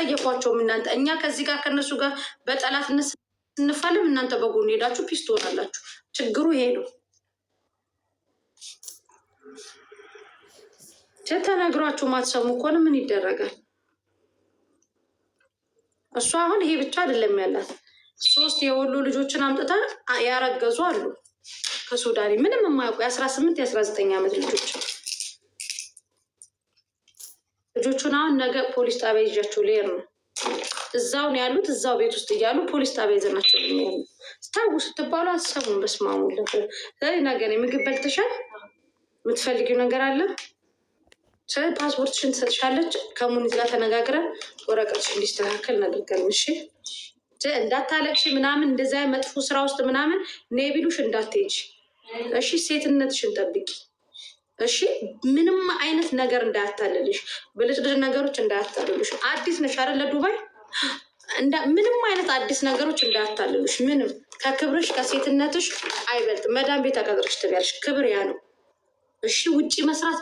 አትጸየፏቸውም። እናንተ እኛ ከዚህ ጋር ከነሱ ጋር በጠላትነት ስንፋለም እናንተ በጎን ሄዳችሁ ፒስ ትሆናላችሁ። ችግሩ ይሄ ነው። ተነግሯችሁ ማትሰሙ ከሆነ ምን ይደረጋል? እሱ አሁን ይሄ ብቻ አይደለም ያላት ሶስት የወሎ ልጆችን አምጥታ ያረገዙ አሉ ከሱዳኔ ምንም የማያውቁ የአስራ ስምንት የአስራ ዘጠኝ ዓመት ልጆች ልጆቹን አሁን ነገ ፖሊስ ጣቢያ ይዣቸው ልሄድ ነው። እዛው ነው ያሉት፣ እዛው ቤት ውስጥ እያሉ ፖሊስ ጣቢያ ይዘናቸው ልሄድ ነው። ስታጉ ስትባሉ አሰቡን በስማሙ ለብ ነገ ምግብ በልተሻል፣ የምትፈልጊው ነገር አለ ስለ ፓስፖርትሽን ትሰጥሻለች። ከሙን ዚጋ ተነጋግረን ወረቀትሽ እንዲስተካከል እናደርጋለን። እሺ እንዳታለቅሽ ምናምን እንደዚያ መጥፎ ስራ ውስጥ ምናምን ኔቢሉሽ እንዳትሄጂ። እሺ ሴትነትሽን ጠብቂ። እሺ ምንም አይነት ነገር እንዳያታልልሽ፣ ብልጭልጭ ነገሮች እንዳያታልልሽ። አዲስ ነሽ አይደለ? ዱባይ ምንም አይነት አዲስ ነገሮች እንዳያታልልሽ። ምንም ከክብርሽ ከሴትነትሽ አይበልጥ። መዳም ቤት ተቀጥረሽ ትበያለሽ። ክብር ያ ነው። እሺ ውጭ መስራት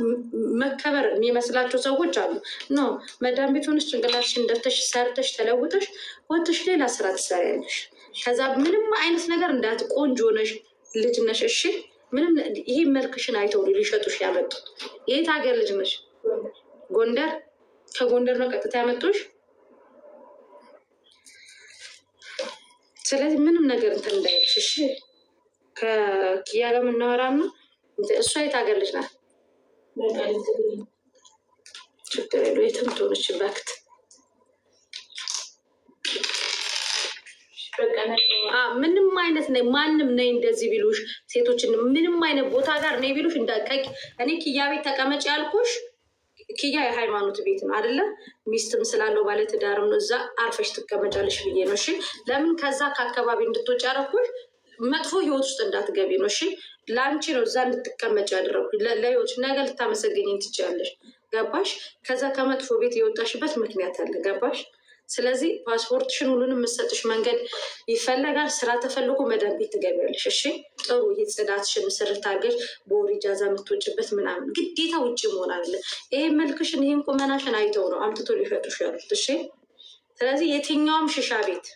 መከበር የሚመስላቸው ሰዎች አሉ። ኖ መዳም ቤት ሆነሽ ጭንቅላትሽ እንደተሽ ሰርተሽ ተለውጠሽ ወጥሽ ሌላ ስራ ትሰሪያለሽ። ከዛ ምንም አይነት ነገር እንዳት ቆንጆ ነሽ ልጅ ነሽ። እሺ ምንም ይሄ መልክሽን አይተው ነው ሊሸጡሽ ያመጡት። የት ሀገር ልጅ ነሽ? ጎንደር። ከጎንደር ነው ቀጥታ ያመጡሽ። ስለዚህ ምንም ነገር እንትን እንዳይልሽ እሺ። ከኪያ ጋር የምናወራ እሷ የት ሀገር ልጅ ናት? ችግር የለውም። የትም ትሆነች ባክት ምንም አይነት ነ ማንም ነ እንደዚህ ቢሉሽ ሴቶችን ምንም አይነት ቦታ ጋር ነ ቢሉሽ እንዳቀቅ እኔ ኪያ ቤት ተቀመጭ ያልኩሽ ኪያ የሃይማኖት ቤት ነው አደለ? ሚስትም ስላለው ባለትዳርም ነው። እዛ አርፈሽ ትቀመጫለሽ ብዬ ነው። እሺ ለምን ከዛ ከአካባቢ እንድትወጪ ያረኩሽ መጥፎ ህይወት ውስጥ እንዳትገቢ ነው። እሺ ለአንቺ ነው እዛ እንድትቀመጭ ያደረኩ ለህይወት ነገ ልታመሰገኝ ትችያለሽ። ገባሽ? ከዛ ከመጥፎ ቤት የወጣሽበት ምክንያት አለ። ገባሽ? ስለዚህ ፓስፖርትሽን ሁሉንም የምሰጥሽ መንገድ ይፈለጋል። ስራ ተፈልጎ መዳን ትገቢያለሽ። እሺ ጥሩ የጽዳትሽን ምስር ታርገሽ በወር ኢጃዛ የምትወጭበት ምናምን ግዴታ ውጭ መሆን አለ። ይሄን መልክሽን ይህን ቁመናሽን አይተው ነው አምጥቶ ሊሸጡሽ ያሉት። እሺ ስለዚህ የትኛውም ሽሻ ቤት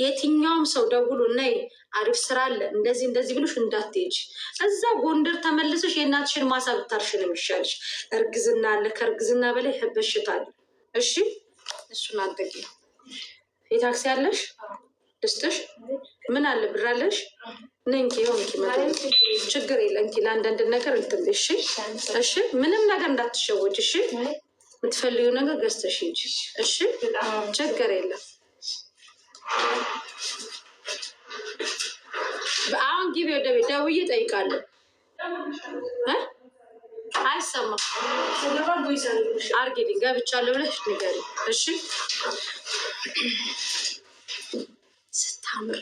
የትኛውም ሰው ደውሎ ነይ አሪፍ ስራ አለ እንደዚህ እንደዚህ ብሎሽ እንዳትሄጅ። እዛ ጎንደር ተመልሰሽ የእናትሽን ማሳ ብታርሽ ነው የሚሻልሽ። እርግዝና አለ፣ ከእርግዝና በላይ በሽታ አለ። እሺ እሱን አድርጊ። የታክሲ አለሽ? ድስትሽ ምን አለ? ብር አለሽ? እንኪ ይኸው ችግር የለ እንኪ። ለአንዳንድ ነገር እንትን እሺ፣ እሺ። ምንም ነገር እንዳትሸወጅ እሺ። የምትፈልዩ ነገር ገዝተሽ እንጂ እሺ። ችግር የለም። አሁን ግቢ ወደ ቤት ደውዬ እጠይቃለሁ። አይሰማም። አርጊልኝ ገብቻለሁ ብለሽ ንገሪ እሺ። ስታምር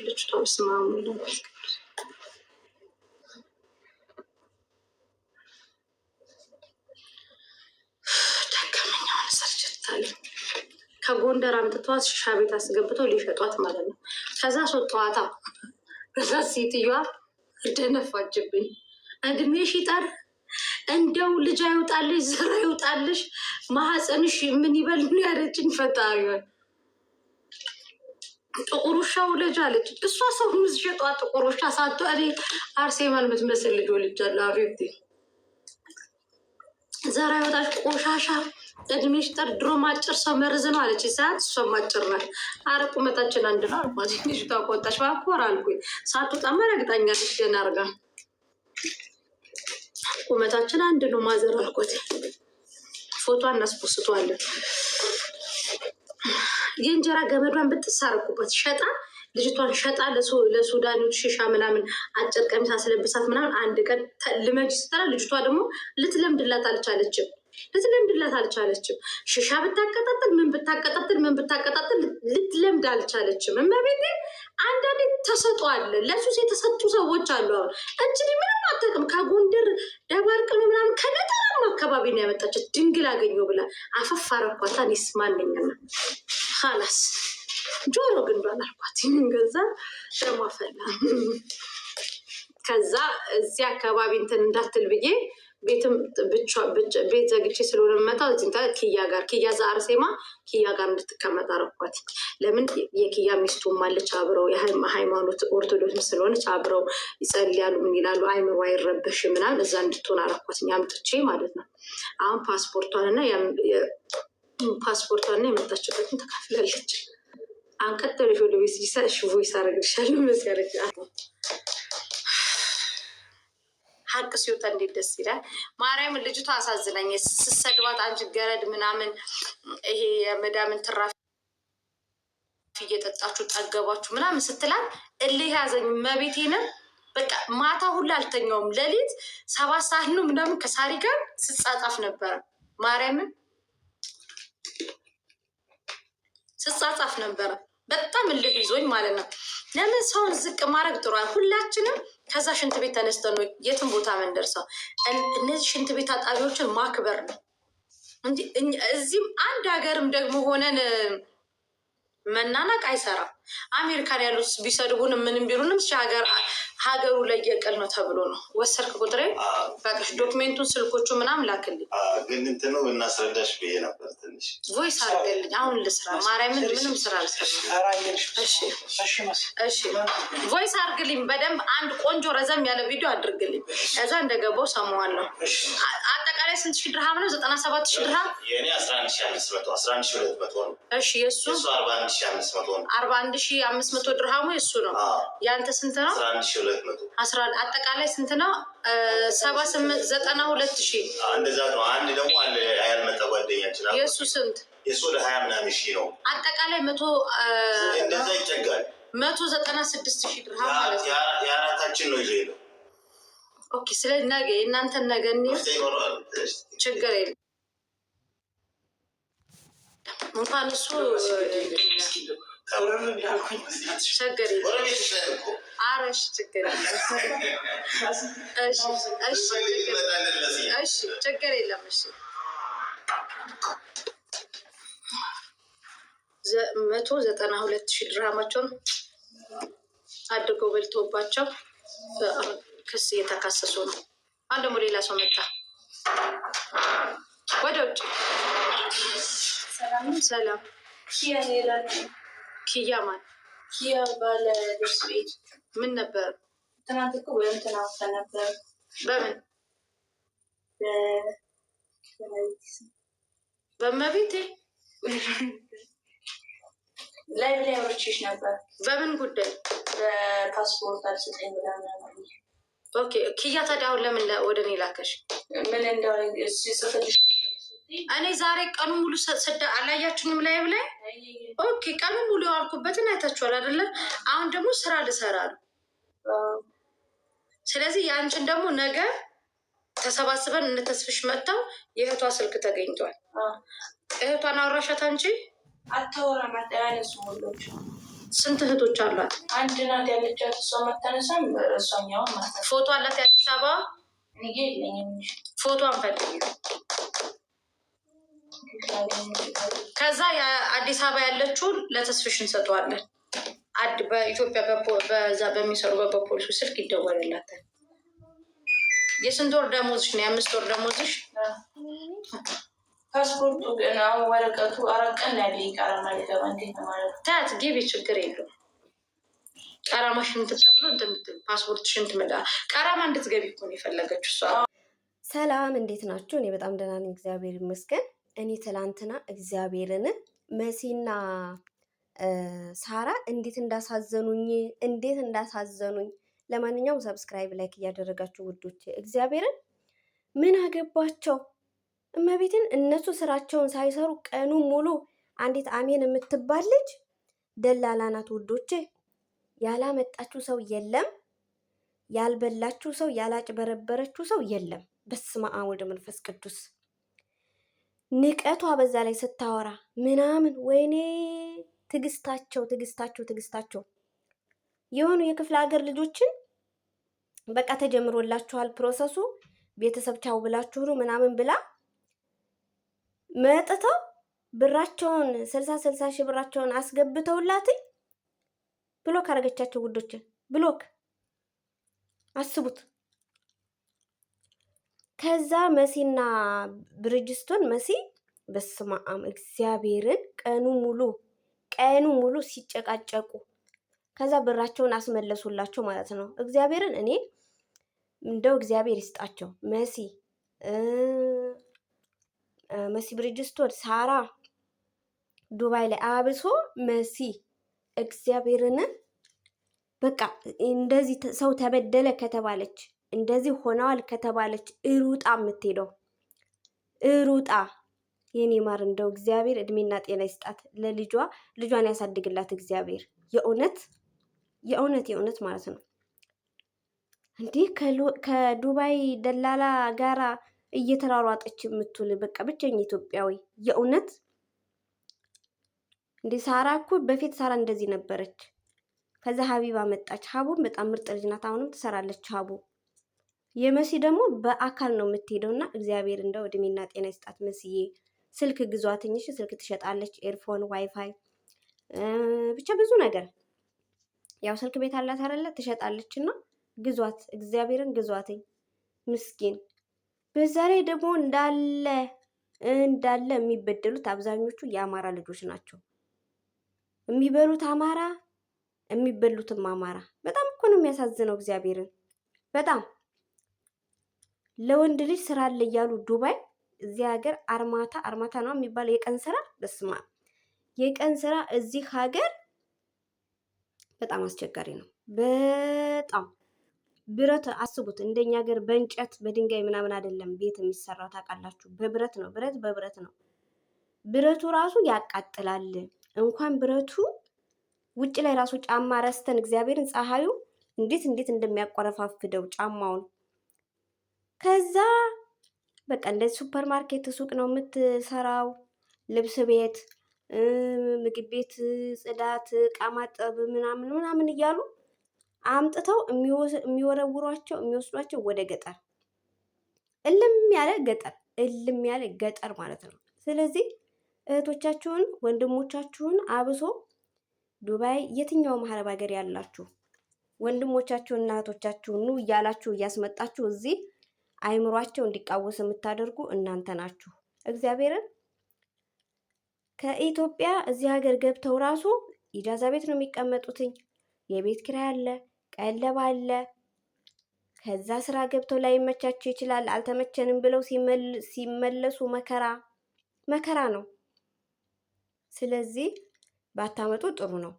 ከጎንደር አምጥቷት ቤት አስገብተው ሊሸጧት ማለት ነው። ከዛ ከዛ ሴትዮዋ ደነፋችብኝ እድሜሽ ይጠር እንደው ልጅ አይውጣልሽ፣ ዘር አይውጣልሽ፣ ማህፀንሽ ምን ይበል ነው ያለችኝ። ፈጣሪዋን ጥቁር ውሻው ልጅ አለች። እሷ ሰው ምዝሸጧ ጥቁር ውሻ ሳቶ እኔ አርሴማን የምትመስል ልጅ ወልጃለሁ። አቤት ዘር አይወጣሽ ቆሻሻ እድሜሽ ጠር ድሮ ማጭር ሰው መርዝ ነው አለች። ሰዓት እሷ ማጭር ናት። አረ ቁመታችን አንድ ነው አልኳት። ልጅቷ ቆጣሽ ባኮር አልኩኝ። ሳትወጣማ ረግጣኛለች ደህና አድርጋ ቁመታችን አንድ ነው። ማዘር አልኮት ፎቶ እናስፖስተዋለን። የእንጀራ ገመዷን ብትሳረጉበት ሸጣ ልጅቷን ሸጣ ለሱዳኖች ሽሻ ምናምን አጭር ቀሚስ አስለብሳት ምናምን አንድ ቀን ልመጅ ስትላ ልጅቷ ደግሞ ልትለምድላት አልቻለችም። ልትለምድላት አልቻለችም። ሽሻ ብታቀጣጥል ምን ብታቀጣጥል ምን ብታቀጣጥል ልትለምድ አልቻለችም። እመቤቴ አንዳንዴ ተሰጡ አለ። ለሱስ የተሰጡ ሰዎች አሉ። አሁን እንጂ ምንም አጠቅም ከጎንደር ደባርቅ ነው ምናምን ከገጠራም አካባቢ ነው ያመጣችት። ድንግል አገኘው ብላ አፈፍ አረኳታ። እኔስ ማንኛ ላስ ጆሮ ግንዷን አልኳት። ገዛ ደሟ ፈላ። ከዛ እዚህ አካባቢ እንትን እንዳትል ብዬ ቤትም ቤት ዘግቼ ስለሆነ መጣ ዚንታ ኪያ ጋር ኪያ ዛአርሴማ ኪያ ጋር እንድትቀመጥ አረኳት። ለምን የኪያ ሚስቱም አለች አብረው ሃይማኖት ኦርቶዶክስ ስለሆነች አብረው ይጸልያሉ። ምን ይላሉ? አይምሮ አይረበሽ ምናል እዛ እንድትሆን አረኳት ያምጥቼ ማለት ነው። አሁን ፓስፖርቷን እና ፓስፖርቷን እና የመጣችበትን ተካፍላለች። አንቀጠለሽ ወደ ቤት ሳ ሽቮ ይሳረግልሻል መስ ያረግ ሀቅ ሲወጣ እንዴት ደስ ይላል። ማርያም ልጅቷ አሳዝናኝ ስሰድባት፣ አንቺ ገረድ ምናምን ይሄ የመዳምን ትራፊ እየጠጣችሁ ጠገባችሁ ምናምን ስትላል እልህ ያዘኝ መቤቴንም በቃ ማታ ሁላ አልተኛውም። ሌሊት ሰባት ሰዓት ነው ምናምን ከሳሪ ጋር ስጻጻፍ ነበረ። ማርያምን ስጻጻፍ ነበረ። በጣም እልህ ይዞኝ ማለት ነው። ለምን ሰውን ዝቅ ማድረግ ጥሩ ሁላችንም ከዛ ሽንት ቤት ተነስተን ነው የትም ቦታ ምንደርሰው። እነዚህ ሽንት ቤት አጣቢዎችን ማክበር ነው እዚህም አንድ ሀገርም ደግሞ ሆነን መናናቅ አይሰራም። አሜሪካን ያሉት ቢሰድቡን ምንም ቢሉንም ሀገሩ ላይ የቀል ነው ተብሎ ነው። ወሰድክ ቁጥሬ በቃሽ። ዶክሜንቱን፣ ስልኮቹ ምናምን ላክልኝ። ግን እንትኑ እናስረዳሽ ብዬ ነበር። ትንሽ ቮይስ አድርገልኝ። አሁን ልስራ ማርያምን፣ ምንም ስራ ልስራ። ቮይስ አድርግልኝ በደንብ አንድ ቆንጆ ረዘም ያለ ቪዲዮ አድርግልኝ። እዛ እንደገባው ሰማዋለሁ። ላይ ስንት ሺ ድርሃም ነው? ዘጠና ሰባት ሺ ድርሃም የእኔ አስራ አንድ ሺህ አምስት መቶ አስራ አንድ ሺህ ሁለት መቶ ነው። እሺ የእሱ አርባ አንድ ሺ አምስት መቶ ነው። አርባ አንድ ሺህ አምስት መቶ ድርሃሙ የእሱ ነው። የአንተ ስንት ነው? አስራ አንድ ሺህ ሁለት መቶ አስራ አንድ አጠቃላይ ስንት ነው? ሰባ ስምንት ዘጠና ሁለት ሺህ እንደዛ ነው። አንድ ደግሞ አለ ያልመጣ ጓደኛችን የእሱ ስንት የእሱ ወደ ሀያ ምናምን ሺ ነው። አጠቃላይ መቶ እንደዛ ይጨጋል። መቶ ዘጠና ስድስት ሺ ድርሃም ማለት ነው። የአራታችን ነው ይዞ የለው ኦኬ። ስለ ነገ የእናንተን ነገ ችግር የለም። እንኳን እሱ ችግር አረሽ ችግር የለም። እሺ፣ ችግር የለም። እሺ መቶ ዘጠና ሁለት ሺህ ድርሃማቸውን አድርገው በልቶባቸው ክስ እየተካሰሱ ነው። አንድ ደግሞ ሌላ ሰው መጣ። ወደ ውጭ ሰላም። ኪያ ማን? ኪያ ባለ ልብስ ቤት ምን ነበር? ትናንት እኮ ወይም ትናንት ነበር። በምን በመቤቴ ላይ ላይ አውርቼሽ ነበር። በምን ጉዳይ? በፓስፖርት አልሰጠኝ ብላ ኦኬ ኪያ ታዲያ አሁን ለምን ወደ እኔ ላከሽ? ምን እንደሆነ እኔ ዛሬ ቀኑ ሙሉ ስዳ አላያችሁንም? ላይ ላይ ኦኬ፣ ቀኑ ሙሉ የዋልኩበትን አይታችኋል አይደለም? አሁን ደግሞ ስራ ልሰራ ነው። ስለዚህ የአንችን ደግሞ ነገ ተሰባስበን እንተስፍሽ መጥተው የእህቷ ስልክ ተገኝቷል። እህቷን አወራሻት አንቺ? አታወራም። ስንት እህቶች አሏት? አንድ ናት ያለቻት እሷ ማታነሳም እሷኛውን ማለት ፎቶ አላት የአዲስ አበባ ፎቶ አንፈልግ ከዛ የአዲስ አበባ ያለችውን ለተስፍሽ እንሰጠዋለን። በኢትዮጵያ በዛ በሚሰሩ በፖሊሱ ስልክ ይደወልላታል። የስንት ወር ደሞዝሽ ነው? የአምስት ወር ደሞዝሽ ፓስፖርቱ ገና ወረቀቱ አራት ቀን ያለ ቀረማ ሊገባ እንዴት ነው ማለት ነው? ታት ጊቢ ችግር የለው ቀረማ ሽንት ተብሎ እንደምትል ፓስፖርት ሽንት መዳ ቀረማ እንድትገቢ እኮ ነው የፈለገችው እሷ። ሰላም እንዴት ናችሁ? እኔ በጣም ደህና ነኝ፣ እግዚአብሔር ይመስገን። እኔ ትላንትና እግዚአብሔርን መሲና ሳራ እንዴት እንዳሳዘኑኝ እንዴት እንዳሳዘኑኝ። ለማንኛውም ሰብስክራይብ ላይክ እያደረጋችሁ ውዶች እግዚአብሔርን ምን አገባቸው እመቤትን እነሱ ስራቸውን ሳይሰሩ ቀኑ ሙሉ አንዲት አሜን የምትባል ልጅ ደላላ ናት ውዶቼ። ያላመጣችሁ ሰው የለም፣ ያልበላችሁ ሰው፣ ያላጭበረበረችሁ ሰው የለም። በስመ አብ ወደ መንፈስ ቅዱስ ንቀቷ በዛ ላይ ስታወራ ምናምን፣ ወይኔ ትግስታቸው፣ ትግስታቸው፣ ትግስታቸው የሆኑ የክፍለ ሀገር ልጆችን በቃ ተጀምሮላችኋል ፕሮሰሱ ቤተሰብ ቻው ብላችሁ ምናምን ብላ መጥተው ብራቸውን ስልሳ ስልሳ ሺህ ብራቸውን አስገብተውላትኝ ብሎክ አረገቻቸው። ውዶችን ብሎክ አስቡት። ከዛ መሲና ብርጅስቶን መሲ በስመ አብ እግዚአብሔርን ቀኑ ሙሉ ቀኑ ሙሉ ሲጨቃጨቁ ከዛ ብራቸውን አስመለሱላቸው ማለት ነው። እግዚአብሔርን እኔ እንደው እግዚአብሔር ይስጣቸው መሲ መሲ ብሪጅስቶን ሳራ ዱባይ ላይ አብሶ መሲ እግዚአብሔርን በቃ እንደዚህ ሰው ተበደለ ከተባለች እንደዚህ ሆነዋል ከተባለች እሩጣ የምትሄደው እሩጣ የኔ ማር እንደው እግዚአብሔር እድሜና ጤና ይስጣት ለልጇ፣ ልጇን ያሳድግላት እግዚአብሔር። የእውነት የእውነት የእውነት ማለት ነው እንዲህ ከዱባይ ደላላ ጋራ እየተሯሯጠች የምትውል በቃ ብቸኛ ኢትዮጵያዊ የእውነት እንደ ሳራ እኮ በፊት ሳራ እንደዚህ ነበረች። ከዛ ሀቢባ መጣች። ሀቡ በጣም ምርጥ ልጅ ናት። አሁንም ትሰራለች። ሀቡ የመሲ ደግሞ በአካል ነው የምትሄደው ና እግዚአብሔር እንደው እድሜና ጤና ይስጣት መስዬ። ስልክ ግዟትኝ እሺ። ስልክ ትሸጣለች። ኤርፎን፣ ዋይፋይ ብቻ ብዙ ነገር ያው ስልክ ቤት አላት አይደለ? ትሸጣለች እና ግዟት፣ እግዚአብሔርን ግዟትኝ ምስኪን በዛ ላይ ደግሞ እንዳለ እንዳለ የሚበደሉት አብዛኞቹ የአማራ ልጆች ናቸው። የሚበሉት አማራ የሚበሉትም አማራ። በጣም እኮ ነው የሚያሳዝነው። እግዚአብሔርን በጣም ለወንድ ልጅ ስራ አለ እያሉ ዱባይ፣ እዚህ ሀገር አርማታ አርማታ ነው የሚባለው የቀን ስራ። በስማ የቀን ስራ እዚህ ሀገር በጣም አስቸጋሪ ነው። በጣም ብረት አስቡት። እንደኛ ሀገር በእንጨት በድንጋይ ምናምን አይደለም ቤት የሚሰራው ታውቃላችሁ። በብረት ነው፣ ብረት በብረት ነው። ብረቱ ራሱ ያቃጥላል። እንኳን ብረቱ ውጭ ላይ ራሱ ጫማ ረስተን እግዚአብሔርን ፀሐዩ እንዴት እንዴት እንደሚያቆረፋፍደው ጫማውን። ከዛ በቃ እንደዚህ ሱፐር ማርኬት ሱቅ ነው የምትሰራው፣ ልብስ ቤት፣ ምግብ ቤት፣ ጽዳት፣ ዕቃ ማጠብ ምናምን ምናምን እያሉ አምጥተው የሚወረውሯቸው የሚወስዷቸው ወደ ገጠር እልም ያለ ገጠር እልም ያለ ገጠር ማለት ነው። ስለዚህ እህቶቻችሁን ወንድሞቻችሁን አብሶ ዱባይ የትኛውም አረብ ሀገር ያላችሁ ወንድሞቻችሁን እህቶቻችሁን ኑ እያላችሁ እያስመጣችሁ እዚህ አይምሯቸው እንዲቃወስ የምታደርጉ እናንተ ናችሁ። እግዚአብሔርን ከኢትዮጵያ እዚህ ሀገር ገብተው ራሱ ኢጃዛ ቤት ነው የሚቀመጡትኝ። የቤት ኪራይ አለ፣ ቀለብ አለ። ከዛ ስራ ገብተው ላይመቻቸው ይችላል። አልተመቸንም ብለው ሲመለሱ መከራ መከራ ነው። ስለዚህ ባታመጡ ጥሩ ነው።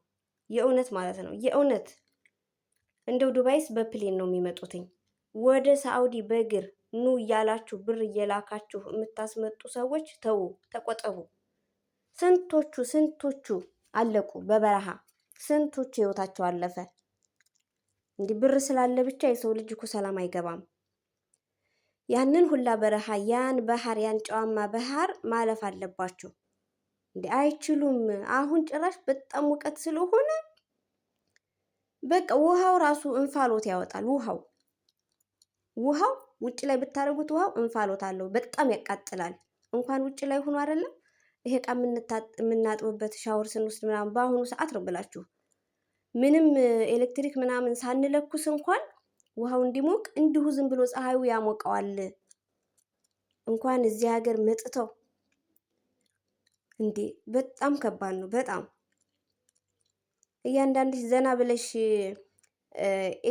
የእውነት ማለት ነው። የእውነት እንደው ዱባይስ በፕሌን ነው የሚመጡትኝ። ወደ ሳዑዲ በእግር ኑ እያላችሁ ብር እየላካችሁ የምታስመጡ ሰዎች ተዉ፣ ተቆጠቡ። ስንቶቹ ስንቶቹ አለቁ በበረሃ ስንቶቹ ህይወታቸው አለፈ። እንዲህ ብር ስላለ ብቻ የሰው ልጅ እኮ ሰላም አይገባም። ያንን ሁላ በረሃ ያን ባህር ያን ጨዋማ ባህር ማለፍ አለባቸው። እንዲ አይችሉም። አሁን ጭራሽ በጣም ሙቀት ስለሆነ በቃ ውሃው ራሱ እንፋሎት ያወጣል። ውሃው ውሃው ውጭ ላይ ብታደርጉት ውሃው እንፋሎት አለው። በጣም ያቃጥላል። እንኳን ውጭ ላይ ሆኖ አይደለም ይሄ ዕቃ የምናጥብበት ሻወር ስንወስድ ምናምን በአሁኑ ሰዓት ነው ብላችሁ ምንም ኤሌክትሪክ ምናምን ሳንለኩስ እንኳን ውሃው እንዲሞቅ እንዲሁ ዝም ብሎ ፀሐዩ ያሞቀዋል። እንኳን እዚህ ሀገር መጥተው እንዴ! በጣም ከባድ ነው። በጣም እያንዳንድሽ ዘና ብለሽ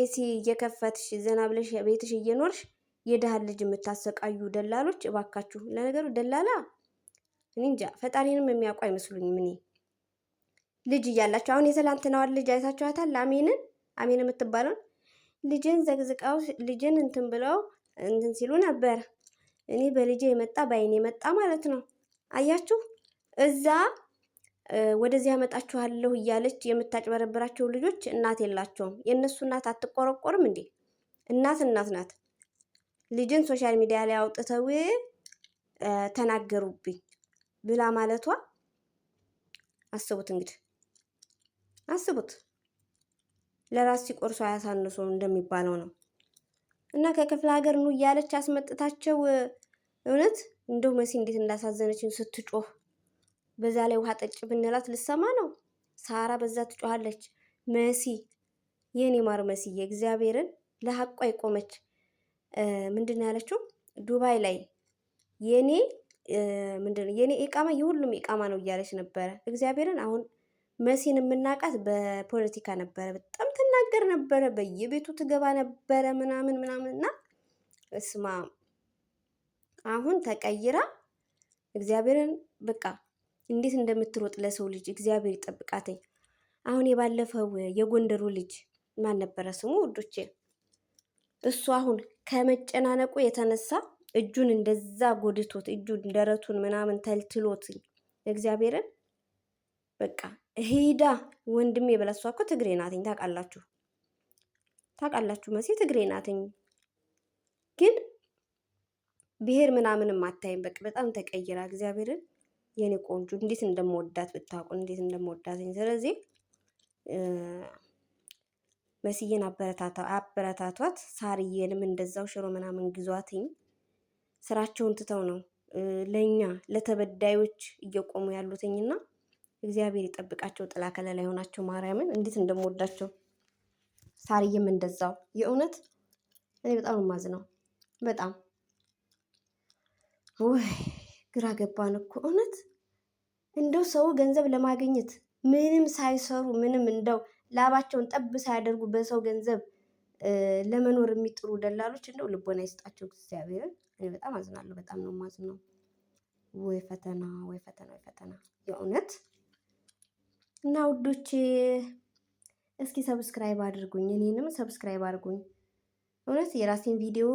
ኤሲ እየከፈትሽ ዘና ብለሽ ቤትሽ እየኖርሽ የድሃ ልጅ የምታሰቃዩ ደላሎች እባካችሁ። ለነገሩ ደላላ እኔ እንጃ ፈጣሪንም የሚያውቁ አይመስሉኝም እኔ ልጅ እያላቸው አሁን የትላንትናዋን ልጅ አይታችኋታል። አሚንን አሚን የምትባለውን ልጅን ዘግዝቃው ልጅን እንትን ብለው እንትን ሲሉ ነበር። እኔ በልጄ የመጣ በአይኔ የመጣ ማለት ነው። አያችሁ እዛ ወደዚህ ያመጣችኋለሁ እያለች የምታጭበረብራቸው ልጆች እናት የላቸውም። የእነሱ እናት አትቆረቆርም እንዴ? እናት እናት ናት። ልጅን ሶሻል ሚዲያ ላይ አውጥተው ተናገሩብኝ ብላ ማለቷ አስቡት እንግዲህ። አስቡት። ለራስ ሲቆርሱ አያሳንሱ እንደሚባለው ነው። እና ከክፍለ ሀገር ኑ እያለች አስመጥታቸው እውነት እንደው መሲ እንዴት እንዳሳዘነችን ስትጮህ፣ በዛ ላይ ውሃ ጠጭ ብንላት ልሰማ ነው። ሳራ በዛ ትጮሃለች። መሲ የኔ ማር መስዬ እግዚአብሔርን ለሀቋ የቆመች ምንድን ነው ያለችው? ዱባይ ላይ የኔ ምንድን ነው የኔ ኢቃማ የሁሉም ኢቃማ ነው እያለች ነበረ እግዚአብሔርን አሁን መሲን የምናውቃት በፖለቲካ ነበረ። በጣም ትናገር ነበረ፣ በየቤቱ ትገባ ነበረ ምናምን ምናምን እና እስማ አሁን ተቀይራ እግዚአብሔርን በቃ እንዴት እንደምትሮጥ ለሰው ልጅ እግዚአብሔር ይጠብቃትኝ። አሁን የባለፈው የጎንደሩ ልጅ ማን ነበረ ስሙ ውዶቼ? እሱ አሁን ከመጨናነቁ የተነሳ እጁን እንደዛ ጎድቶት እጁን ደረቱን ምናምን ተልትሎት እግዚአብሔርን በቃ ሄዳ ወንድሜ ብላ እሷ እኮ ትግሬ ናትኝ ታውቃላችሁ፣ ታውቃላችሁ መሲ ትግሬ ናትኝ። ግን ብሔር ምናምንም አታይም። በቃ በጣም ተቀይራ እግዚአብሔርን የኔ ቆንጆ እንዴት እንደምወዳት ብታውቁ እንዴት እንደምወዳትኝ። ስለዚህ መስዬን አበረታቷት። ሳርዬንም እንደዛው ሽሮ ምናምን ግዟትኝ። ስራቸውን ትተው ነው ለእኛ ለተበዳዮች እየቆሙ ያሉትኝና እግዚአብሔር ይጠብቃቸው፣ ጥላ ከለላ የሆናቸው ማርያምን እንዴት እንደምወዳቸው ሳርዬም እንደዛው። የእውነት እኔ በጣም ማዝ ነው በጣም ወይ ግራ ገባን እኮ እውነት እንደው ሰው ገንዘብ ለማግኘት ምንም ሳይሰሩ ምንም እንደው ላባቸውን ጠብ ሳያደርጉ በሰው ገንዘብ ለመኖር የሚጥሩ ደላሎች እንደው ልቦና ይስጣቸው እግዚአብሔርን። እኔ በጣም አዝናለሁ። በጣም ነው ነው። ወይ ፈተና፣ ወይ ፈተና፣ ወይ ፈተና፣ ወይ ፈተና፣ ወይ ፈተና የእውነት እና ውዶች እስኪ ሰብስክራይብ አድርጉኝ፣ እኔንም ሰብስክራይብ አድርጉኝ። እውነት የራሴን ቪዲዮ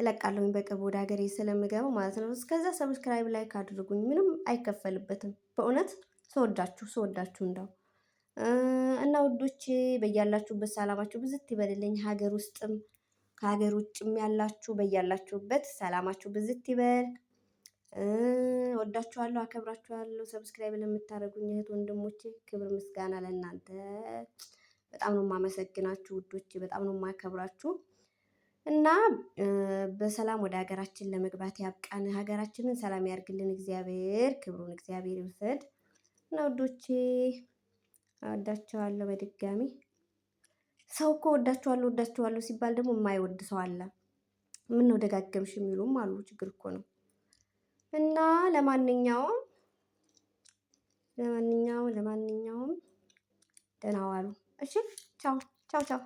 እለቃለሁኝ በቅርብ ወደ ሀገሬ ስለምገባ ማለት ነው። እስከዛ ሰብስክራይብ ላይክ አድርጉኝ፣ ምንም አይከፈልበትም። በእውነት ስወዳችሁ ስወዳችሁ እንደው እና ውዶች በያላችሁበት ሰላማችሁ ብዝት ይበልልኝ። ሀገር ውስጥም ከሀገር ውጭም ያላችሁ በያላችሁበት ሰላማችሁ ብዝት ይበል። ወዳችኋለሁ፣ አከብራችኋለሁ። ሰብስክራይብ ለምታደርጉኝ እህት ወንድሞቼ ክብር ምስጋና ለእናንተ። በጣም ነው የማመሰግናችሁ ውዶቼ፣ በጣም ነው የማከብራችሁ እና በሰላም ወደ ሀገራችን ለመግባት ያብቃን። ሀገራችንን ሰላም ያርግልን እግዚአብሔር። ክብሩን እግዚአብሔር ይውሰድ እና ውዶቼ ወዳችኋለሁ በድጋሚ። ሰው እኮ ወዳችኋለሁ ወዳችኋለሁ ሲባል ደግሞ የማይወድ ሰው አለ። ምን ነው ደጋገምሽ የሚሉም አሉ። ችግር እኮ ነው። እና ለማንኛውም ለማንኛውም ለማንኛውም ደህና ዋሉ። እሺ ቻው ቻው ቻው።